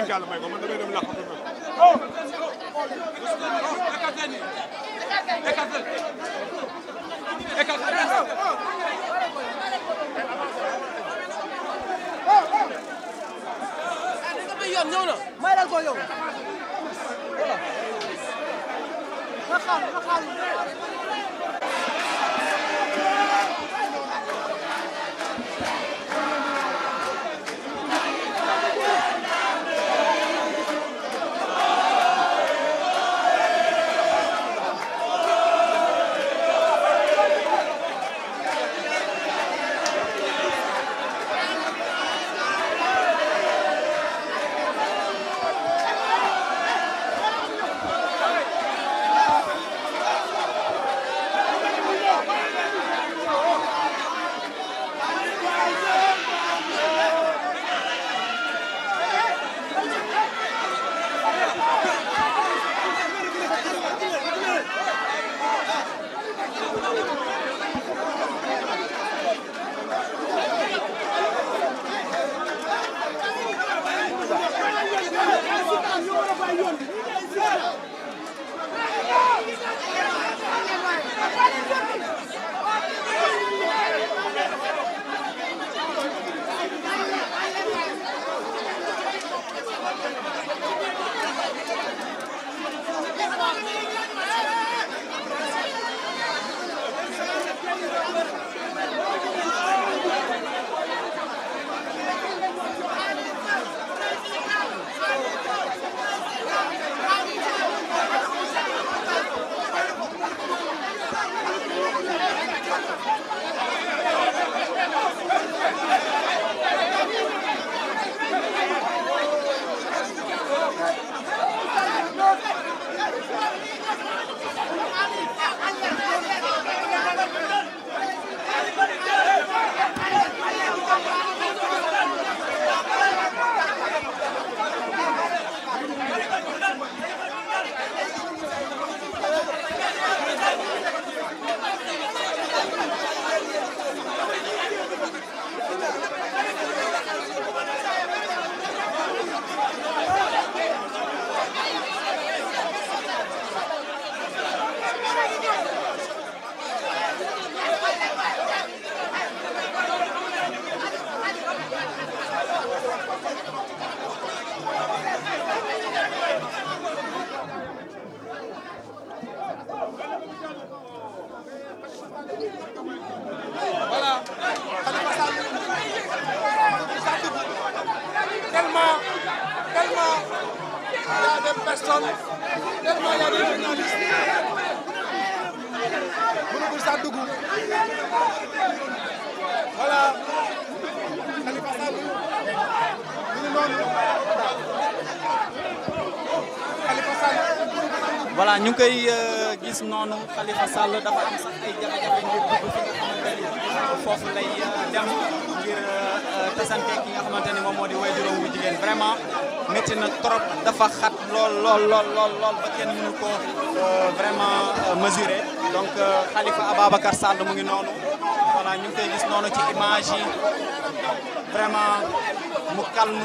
def yàlla may ko man damay dem làq ko oh écarté ni écarté écarté yoon ñëw na may dal ko yow Come on. voilà Khalifa Sall tellement tellement il y a des personnes tellement il gis noonu Khalifa Sall dafa am sax euh, euh, moom moo di way juróom bu jigéen vraiment métti na trop dafa xat lool lool lool ba kenn mënu ko euh, vraiment mesurer donc Khalifa Ababacar Sall mu ngi noonu voilà ñu ngi koy gis noonu ci image yi vraiment mu calme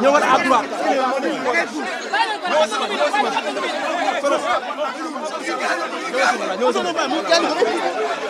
ñëwal à droite. ñëwal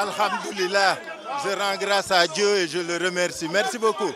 Alhamdulillah, je rends grâce à Dieu et je le remercie. Merci beaucoup.